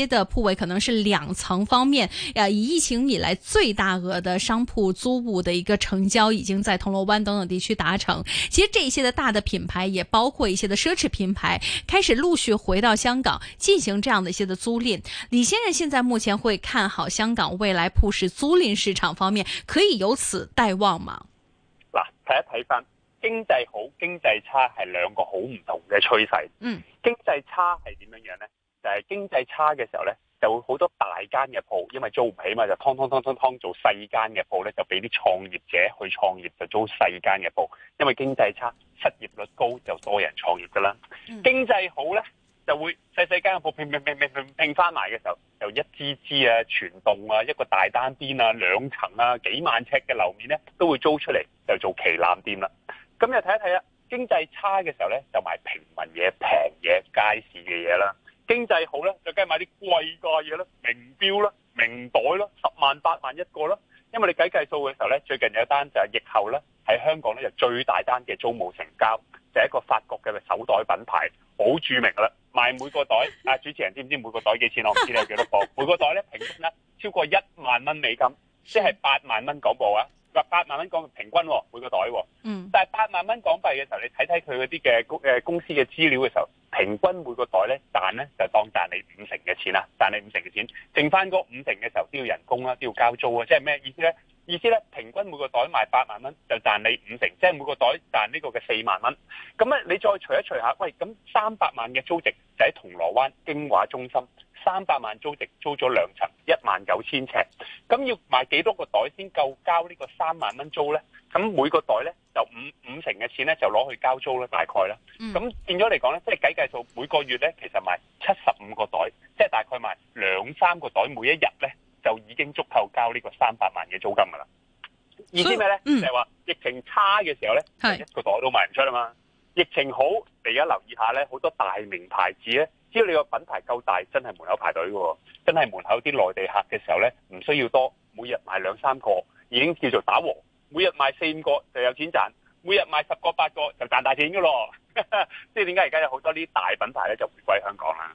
這些的鋪位可能是兩層方面，呃，以疫情以來最大額的商鋪租務的一個成交，已經在銅鑼灣等等地區達成。其實這一些的大的品牌，也包括一些的奢侈品牌，開始陸續回到香港進行這樣的一些的租賃。李先生，現在目前會看好香港未來鋪市租賃市場方面，可以由此待望嗎？嗱，睇一睇返，經濟好、經濟差係兩個好唔同嘅趨勢。嗯，經濟差係點樣樣呢？就係經濟差嘅時候呢，就會好多大間嘅鋪，因為租唔起嘛，就劏劏劏劏劏做細間嘅鋪呢，就俾啲創業者去創業，就租細間嘅鋪。因為經濟差，失業率高就多人創業噶啦。經濟好呢，就會細細間嘅鋪拼拼拼拼拼翻埋嘅時候，就一支支啊、全棟啊、一個大單邊啊、兩層啊、幾萬尺嘅樓面呢，都會租出嚟，就做旗艦店啦。咁又睇一睇呀。經濟差嘅時候呢，就賣平民嘢、平嘢、街市嘅嘢啦。經濟好咧，就梗係買啲貴嘅嘢啦，名錶啦，名袋啦，十萬八萬一個啦。因為你計計數嘅時候咧，最近有一單就係疫後咧，喺香港咧就最大單嘅租務成交，就係一個法國嘅手袋品牌，好著名啦，賣每個袋 啊，主持人知唔知每個袋幾錢？我唔知你有幾多個，每個袋咧平均咧超過一萬蚊美金，即係八萬蚊港幣啊！八萬蚊港幣平均、哦、每個袋、哦，嗯，但係八萬蚊港幣嘅時候，你睇睇佢嗰啲嘅公公司嘅資料嘅時候，平均每個袋咧賺咧就當賺你五成嘅錢啦，賺你五成嘅錢，剩翻嗰五成嘅時候都要人工啦，都要交租啊，即係咩意思咧？意思咧，平均每個袋賣八萬蚊，就賺你五成，即係每個袋賺呢個嘅四萬蚊。咁咧，你再除一除下，喂，咁三百萬嘅租值就喺銅鑼灣京華中心三百萬租值租咗兩層一萬九千尺，咁要賣幾多個袋先夠交呢個三萬蚊租咧？咁每個袋咧就五五成嘅錢咧就攞去交租咧，大概啦。咁變咗嚟講咧，即係計計數每個月咧，其實賣七十五個袋，即係大概賣兩三個袋每一日咧。就已經足夠交呢個三百萬嘅租金㗎啦。意思咩呢？就係話疫情差嘅時候呢，一個袋都賣唔出啊嘛。疫情好，你而家留意下呢，好多大名牌子呢，只要你個品牌夠大，真係門口排隊嘅喎。真係門口啲內地客嘅時候呢，唔需要多，每日賣兩三個已經叫做打和。每日賣四五個就有錢賺，每日賣十個八個就賺大錢㗎咯。即係點解而家有好多呢啲大品牌呢，就回歸香港啦？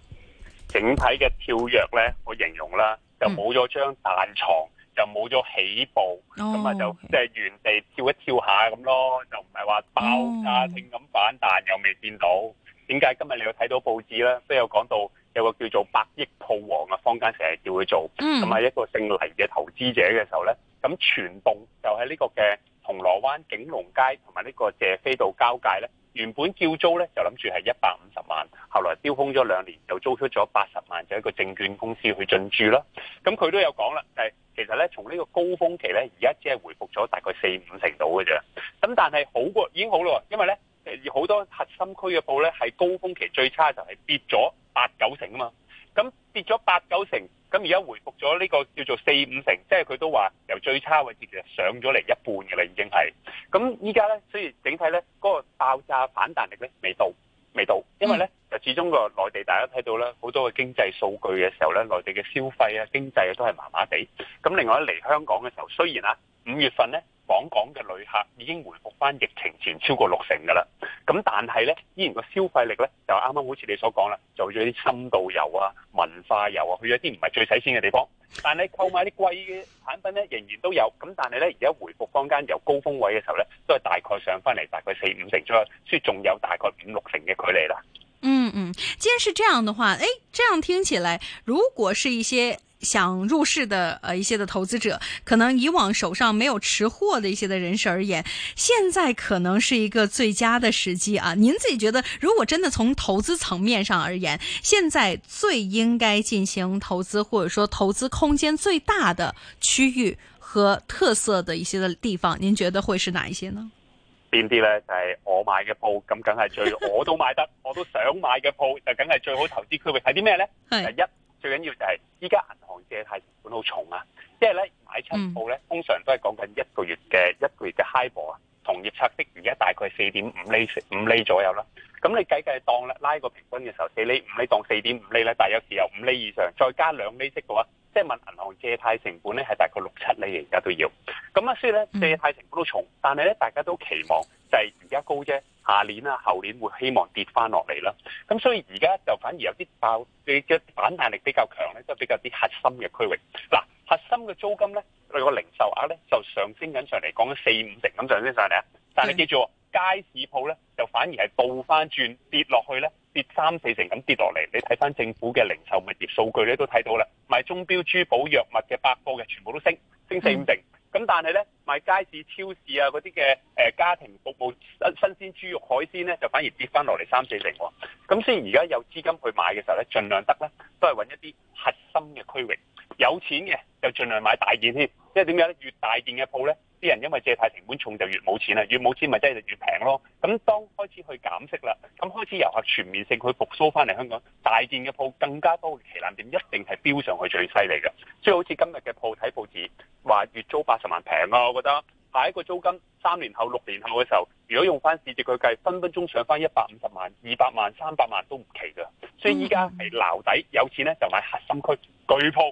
整體嘅跳躍咧，我形容啦，就冇咗張彈床，就冇咗起步，咁啊、嗯、就即係原地跳一跳一下咁咯，就唔係話爆炸性咁、嗯、反彈，又未見到。點解今日你有睇到報紙咧？都有講到有個叫做百億鋪王嘅、啊、坊間成日叫佢做，咁啊、嗯、一個姓黎嘅投資者嘅時候咧，咁傳動就喺呢個嘅。銅鑼灣景隆街同埋呢個謝斐道交界呢，原本叫租呢，就諗住係一百五十萬，後來丟空咗兩年，就租出咗八十萬，就一個證券公司去進駐啦。咁佢都有講啦，誒，其實呢，從呢個高峰期呢，而家只係回復咗大概四五成度嘅啫。咁但係好過已經好咯，因為呢，好多核心區嘅鋪呢，係高峰期最差嘅時候係跌咗八九成啊嘛，咁跌咗八九成。咁而家回復咗呢個叫做四五成，即係佢都話由最差位置其實上咗嚟一半嘅啦，已經係。咁依家呢，雖然整體呢嗰個爆炸反彈力呢，未到，未到，因為呢，就始終個內地大家睇到呢好多嘅經濟數據嘅時候呢，內地嘅消費啊、經濟啊都係麻麻地。咁另外一嚟香港嘅時候，雖然啊，五月份呢。港港嘅旅客已經回復翻疫情前超過六成嘅啦，咁但係呢，依然個消費力呢，就啱啱好似你所講啦，做咗啲深度遊啊、文化遊啊，去咗啲唔係最使錢嘅地方，但係購買啲貴嘅產品呢，仍然都有，咁但係呢，而家回復坊間有高峰位嘅時候呢，都係大概上翻嚟大概四五成左右，所以仲有大概五六成嘅距離啦、嗯。嗯嗯，既然是這樣的話，誒，這樣聽起來，如果是一些想入市的呃一些的投資者，可能以往手上沒有持貨的一些的人士而言，現在可能是一個最佳的時機啊！您自己覺得，如果真的從投資層面上而言，現在最應該進行投資，或者說投資空間最大的區域和特色的一些的地方，您覺得會是哪一些呢？邊啲呢？就係、是、我買嘅鋪，咁梗係最我都買得， 我都想買嘅鋪，就梗係最好投資區域。係啲咩呢？係一。最緊要就係依家銀行借貸成本好重啊，即係咧買親舖咧，通常都係講緊一個月嘅一個月嘅 HIBOR 啊，同業拆息而家大概四點五厘五厘左右啦，咁你計計當啦拉個平均嘅時候，四厘五厘當四點五厘咧，但有時候五厘以上，再加兩厘息嘅話，即係問銀行借貸成本咧係大概六七厘而家都要，咁啊所以咧借貸成本都重，但係咧大家都期望就係而家高啫。下年啦，後年會希望跌翻落嚟啦。咁所以而家就反而有啲爆，你嘅反彈力比較強咧，就比較啲核心嘅區域。嗱、啊，核心嘅租金咧，佢個零售額咧就上升緊上嚟，講咗四五成咁上升上嚟啊。但係你記住，街市鋪咧就反而係倒翻轉跌落去咧，跌三四成咁跌落嚟。你睇翻政府嘅零售物業數據咧，都睇到啦，賣鐘錶、珠寶、藥物嘅百貨嘅全部都升，升四五成。咁、嗯、但係咧。買街市、超市啊，嗰啲嘅誒家庭服務、新鮮豬肉、海鮮咧，就反而跌翻落嚟三四成。咁雖然而家有資金去買嘅時候咧，盡量得咧，都係揾一啲核心嘅區域。有錢嘅就盡量買大件先，即係點解咧？越大件嘅鋪咧。啲人因為借貸成本重，就越冇錢啦，越冇錢咪真係越平咯。咁當開始去減息啦，咁開始遊客全面性去復甦翻嚟香港，大件嘅鋪更加多嘅旗艦店一定係飆上去最犀利嘅。所以好似今日嘅鋪睇報紙話月租八十萬平啊，我覺得下一個租金三年後、六年後嘅時候，如果用翻市值去計，分分鐘上翻一百五十萬、二百萬、三百萬都唔奇㗎。所以依家係撈底有錢咧就買核心區巨鋪。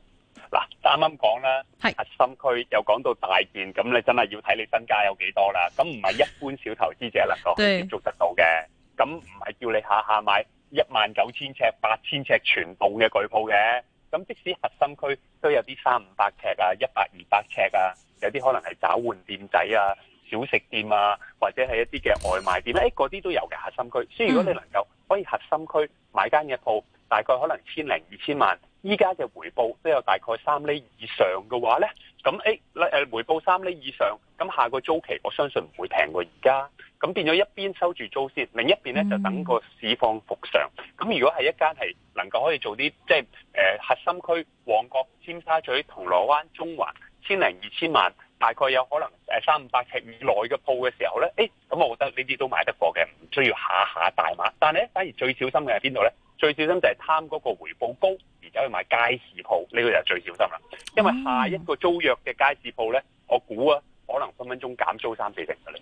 啱啱講啦，剛剛是核心區又講到大件，咁你真係要睇你身家有幾多啦。咁唔係一般小投資者能夠接觸得到嘅。咁唔係叫你下下買一萬九千尺、八千尺全棟嘅巨鋪嘅。咁即使核心區都有啲三五百尺啊、一百二百尺啊，有啲可能係找換店仔啊、小食店啊，或者係一啲嘅外賣店，誒嗰啲都有嘅核心區。所以如果你能夠可以核心區買間嘅鋪，大概可能千零二千萬。依家嘅回報都有大概三厘以上嘅話呢，咁誒、欸、回報三厘以上，咁下個租期我相信唔會平過而家，咁變咗一邊收住租先，另一邊呢就等個市況復常。咁如果係一間係能夠可以做啲即係核心區，旺角、尖沙咀、銅鑼灣、中環，千零二千萬。大概有可能三五百尺以內嘅鋪嘅時候呢，哎，咁我覺得呢啲都買得過嘅，唔需要下下大碼。但係咧，反而最小心嘅係邊度呢？最小心就係貪嗰個回報高而走去買街市鋪，呢、呢個就最小心啦。因為下一個租約嘅街市鋪呢，我估啊可能分分鐘減租三四成㗎咧。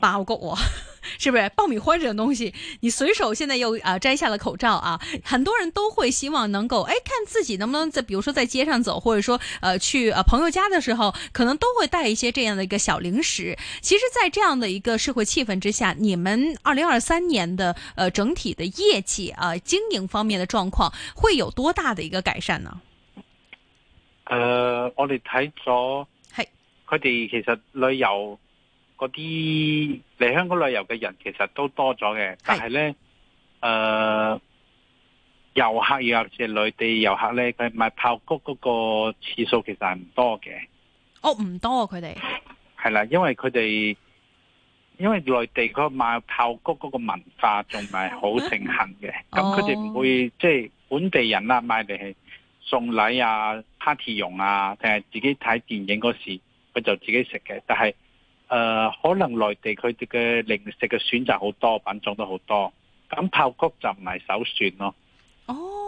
爆谷是不是爆米花這種東西？你隨手現在又啊摘下了口罩啊，很多人都會希望能夠誒看自己能不能在，比如說在街上走，或者說呃去呃朋友家的時候，可能都會帶一些這樣的一個小零食。其實，在這樣的一個社會氣氛之下，你們二零二三年的呃整體的業績啊、呃，經營方面的狀況會有多大的一個改善呢？呃、uh,，我哋睇咗，係佢哋其實旅遊。嗰啲嚟香港旅遊嘅人其實都多咗嘅，是但係呢，誒、呃、遊客又或者係內地遊客呢，佢買爆谷嗰個次數其實係唔多嘅。哦唔多佢哋係啦，因為佢哋因為內地個買爆谷嗰個文化仲唔係好盛行嘅，咁佢哋唔會、oh. 即係本地人啦買嚟送禮啊、party 用啊，定係自己睇電影嗰時佢就自己食嘅，但係。誒、呃、可能內地佢哋嘅零食嘅選擇好多，品種都好多，咁爆谷就唔係首選咯。哦。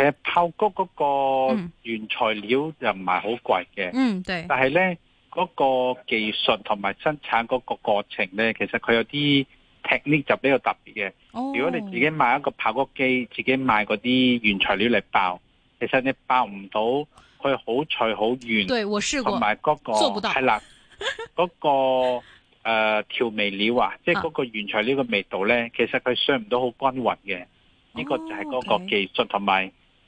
嘅爆谷嗰個原材料又唔係好貴嘅，嗯，但係呢嗰、嗰個技術同埋生產嗰個過程呢，其實佢有啲 technic 就比較特別嘅。哦、如果你自己買一個爆谷機，自己買嗰啲原材料嚟爆，其實你爆唔、嗰個、到佢好脆好軟，對，我試過，同埋嗰個係啦，嗰、 嗰個誒調、呃、味料啊，即係嗰個原材料嘅味道呢，啊、其實佢上唔到好均勻嘅，呢、哦、個就係嗰個技術同埋。Okay。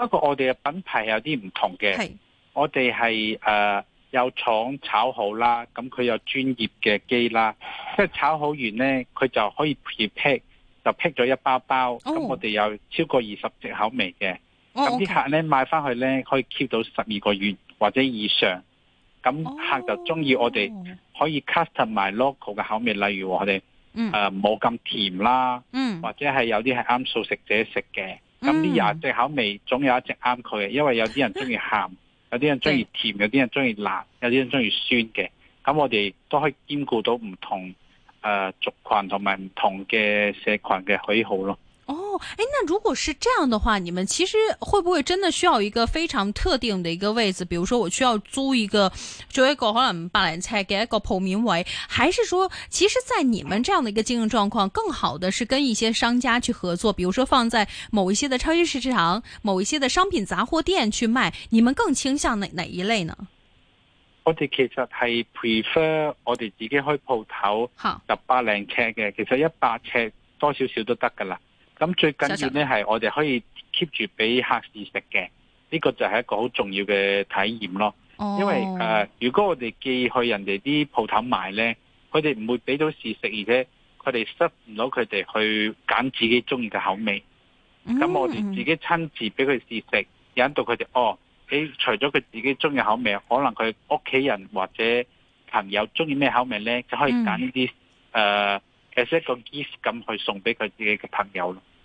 不過我哋嘅品牌有啲唔同嘅，是我哋係誒有廠炒好啦，咁佢有專業嘅機啦，即係炒好完呢，佢就可以 prepare，就 pick 咗一包包，咁、oh. 我哋有超過二十隻口味嘅，咁啲、oh, 客呢，Okay. 買翻去呢，可以 keep 到十二個月或者以上，咁客就中意我哋可以 custom 埋 local 嘅口味，例如我哋冇咁甜啦，嗯、或者係有啲係啱素食者食嘅。咁呢廿隻口味總有一隻啱佢，因為有啲人中意鹹，有啲人中意甜，有啲人中意辣，有啲人中意酸嘅。咁我哋都可以兼顧到唔同誒族群同埋唔同嘅社群嘅喜好咯。哎、那如果是這樣的話，你們其實會不會真的需要一個非常特定的一個位置？比如說，我需要租一個，就一個可能百零尺，一個鋪面位，還是說，其實，在你們這樣的一個經營狀況，更好的是跟一些商家去合作，比如說放在某一些的超級市，市場、某一些的商品雜貨店去賣，你們更傾向哪哪一類呢？我哋其實係 prefer 我哋自己開鋪頭，吓好，就百零尺嘅，其實一百尺多少少都得噶啦。咁最緊要咧係我哋可以 keep 住俾客試食嘅，呢個就係一個好重要嘅體驗咯。Oh. 因為誒、呃，如果我哋寄去人哋啲鋪頭賣咧，佢哋唔會俾到試食，而且佢哋塞唔到佢哋去揀自己中意嘅口味。咁、mm. 我哋自己親自俾佢試食，引導佢哋哦，俾除咗佢自己中意口味，可能佢屋企人或者朋友中意咩口味咧，就可以揀呢啲誒，as 一個 gift 咁去送俾佢自己嘅朋友咯。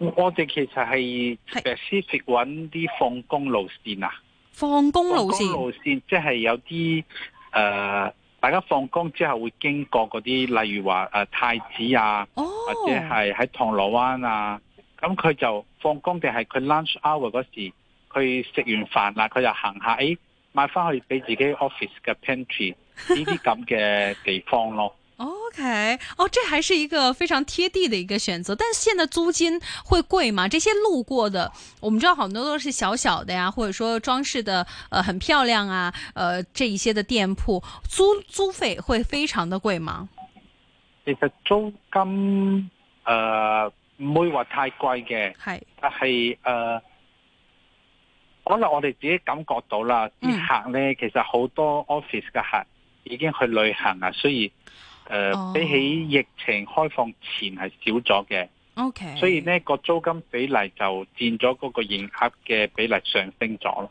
我哋其實係 specific 搵啲放工路線啊，放工路線即係有啲誒、呃，大家放工之後會經過嗰啲，例如話、呃、太子啊，哦、或者係喺銅鑼灣啊，咁、嗯、佢就放工定係佢 lunch hour 嗰時，佢食完飯啦，佢就行下，誒買翻去俾自己 office 嘅 pantry 呢啲咁嘅地方咯。 O、okay, K，哦，這還是一個非常貼地的一個選擇，但係現在租金會貴嗎？這些路過的，我們知道好多都是小小的呀、啊，或者說裝飾的，呃，很漂亮啊，呃，這一些的店鋪租租費會非常的貴嗎？其實租金呃唔會話太貴嘅，係是，但係呃可能我哋自己感覺到啦，啲客呢，嗯、其實好多 office 嘅客已經去旅行啊，所以。誒、呃 oh. 比起疫情開放前係少咗嘅，OK，所以呢、個租金比例就佔咗嗰個營額嘅比例上升咗咯。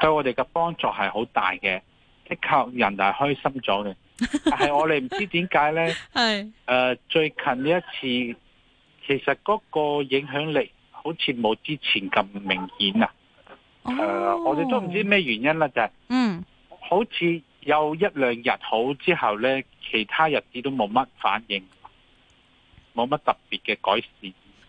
對我哋嘅幫助係好大嘅，的確人係開心咗嘅，但係我哋唔知點解呢？係誒 是、呃，最近呢一次，其實嗰個影響力好似冇之前咁明顯啊、oh. 呃。我哋都唔知咩原因啦，就係嗯，好似有一兩日好之後呢，mm. 其他日子都冇乜反應，冇乜特別嘅改善。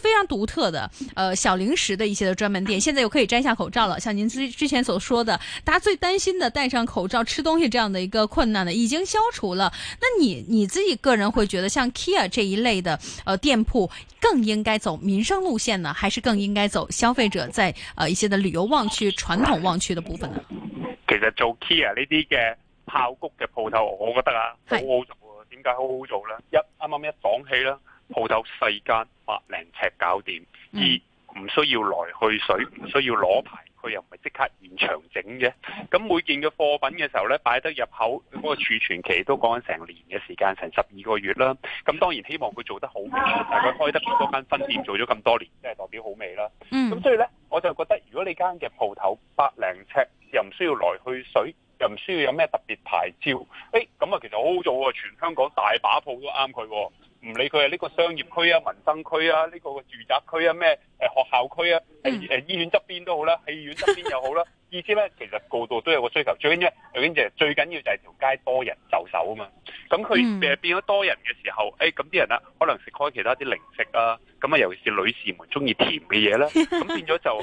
非常獨特的呃小零食的一些的專門店，現在又可以摘下口罩了。像您之之前所說的，大家最擔心的戴上口罩吃東西這樣的一個困難呢，已經消除了。那你你自己個人會覺得，像 Kia 這一類的呃店鋪，更應該走民生路線呢，還是更應該走消費者在呃一些的旅遊旺區、傳統旺區的部分呢？其實做 Kia 呢啲嘅爆谷嘅鋪頭，我覺得啊，好好做啊。點解好好做呢？一啱啱一講起啦，鋪頭細間。百零尺搞掂，而唔需要來去水，唔需要攞牌，佢又唔係即刻現場整嘅。咁每件嘅貨品嘅時候呢，擺得入口嗰、那個儲存期都講緊成年嘅時間，成十二個月啦。咁當然希望佢做得好味，但佢開得咁多間分店做咗咁多年，即係代表好味啦。咁、嗯、所以呢，我就覺得如果你間嘅鋪頭百零尺，又唔需要來去水，又唔需要有咩特別牌照，誒、欸、咁啊，其實好好做啊！全香港大把鋪都啱佢、啊。唔理佢係呢個商業區啊、民生區啊、呢、這個住宅區啊、咩學校區啊、誒、嗯、醫院側邊都好啦、戲院側邊又好啦，意思咧，其實個度都有個需求，最緊要最緊要就係、係、條、就係、街多人就手啊嘛。咁佢誒變咗多人嘅時候，咁啲、嗯哎、人啊，可能食開其他啲零食啊，咁啊，尤其是女士們中意甜嘅嘢啦，咁變咗就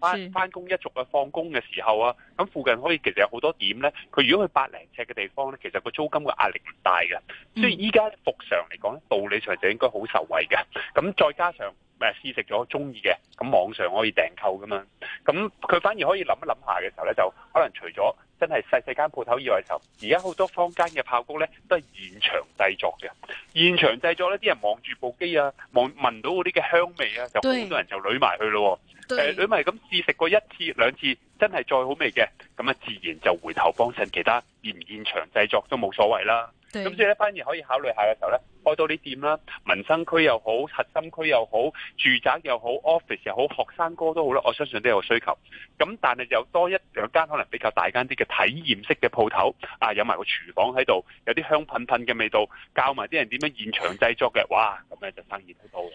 返翻翻工一族啊，放工嘅時候啊，咁附近可以其實有好多點咧，佢如果去百零尺嘅地方咧，其實個租金嘅壓力唔大嘅，所以依家服常嚟講咧，道理上就應該好受惠嘅，咁再加上誒試食咗中意嘅，咁網上可以訂購㗎嘛。咁佢反而可以諗一諗下嘅時候咧，就可能除咗，真係細細間鋪頭以外，就，而家好多坊間嘅爆谷呢，都係現場製作嘅。現場製作呢，啲人望住部機啊，望聞,聞到嗰啲嘅香味啊，對 就好多人就捋埋去咯。誒對、呃，埋咁試食過一次兩次，真係再好味嘅，咁啊自然就回頭幫襯其他。現唔現場製作都冇所謂啦。咁對所以咧，反而可以考慮下嘅時候咧，開多啲店啦，民生區又好，核心區又好，住宅又好，office 又好，學生哥都好啦。我相信都有個需求。咁但係有多一兩間可能比較大間啲嘅體驗式嘅鋪頭，啊，有埋個廚房喺度，有啲香噴噴嘅味道，教埋啲人點樣現場製作嘅，哇！咁咧就生意都多嘅。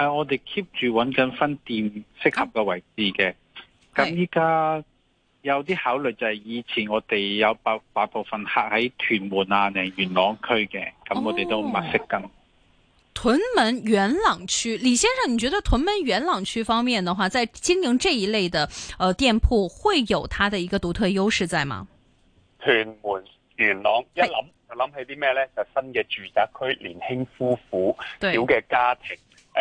係、啊、我哋 keep 住揾緊分店適合嘅位置嘅，咁依家有啲考慮就係以前我哋有八八部分客喺屯門啊，定元朗區嘅，咁、哦、我哋都密切跟屯門元朗區。李先生，你覺得屯門元朗區方面嘅話，在經營這一類嘅呃，店鋪會有它的一個獨特優勢在嗎？屯門元朗一諗是就諗起啲咩呢？就新嘅住宅區，年輕夫婦，對小嘅家庭。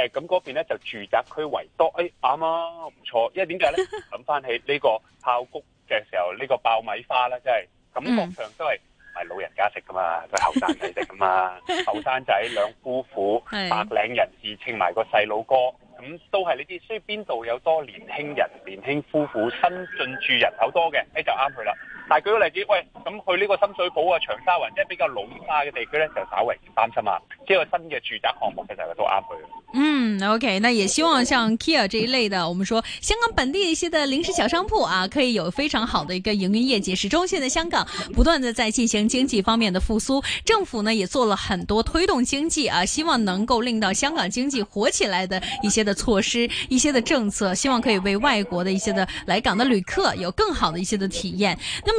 咁嗰、嗯、邊咧就住宅區為多，誒啱啱唔錯，因為點解咧？諗翻 起呢個爆谷嘅時候，呢、呢個爆米花咧，真係感覺上都係係老人家食噶嘛，佢後生仔食噶嘛，後生仔兩夫婦白領人士請埋個細佬哥，咁、嗯、都係呢啲，所以邊度有多年輕人、年輕夫婦、新進住人口多嘅，誒、哎、就啱佢啦。但係舉個例子，喂，咁去呢個深水埗啊、長沙灣即係比較老化嘅地區呢，就稍微擔心啊。即係個新嘅住宅項目其實都啱佢。嗯，OK，那也希望像 Kia 呢一類的，我們說香港本地一些的零食小商鋪啊，可以有非常好的一個營運業績。始終現在香港不斷的在進行經濟方面的復甦，政府呢也做了很多推動經濟啊，希望能夠令到香港經濟活起來的一些的措施、一些的政策，希望可以為外國的一些的來港的旅客有更好的一些的體驗。那麼。